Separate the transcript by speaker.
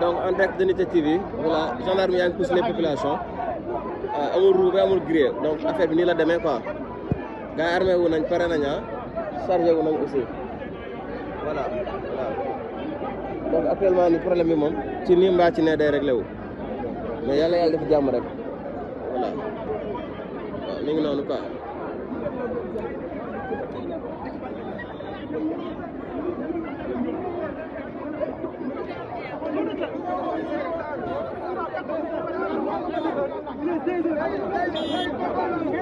Speaker 1: donc en direct de Nitte TV voilà gendarme yang pousse les populations Euh, amul roue amul gré donc affaire bi ni la démé quoi gars armé wu nañ paré nañ ah, ha. Sarjé wu nañ aussi voilà voilà donc actuellement ni problème moom ci nii mbaa ci nee day réglé wu mais yàlla yàlla def jàmm rek voilà waaw ngi noonu quoi.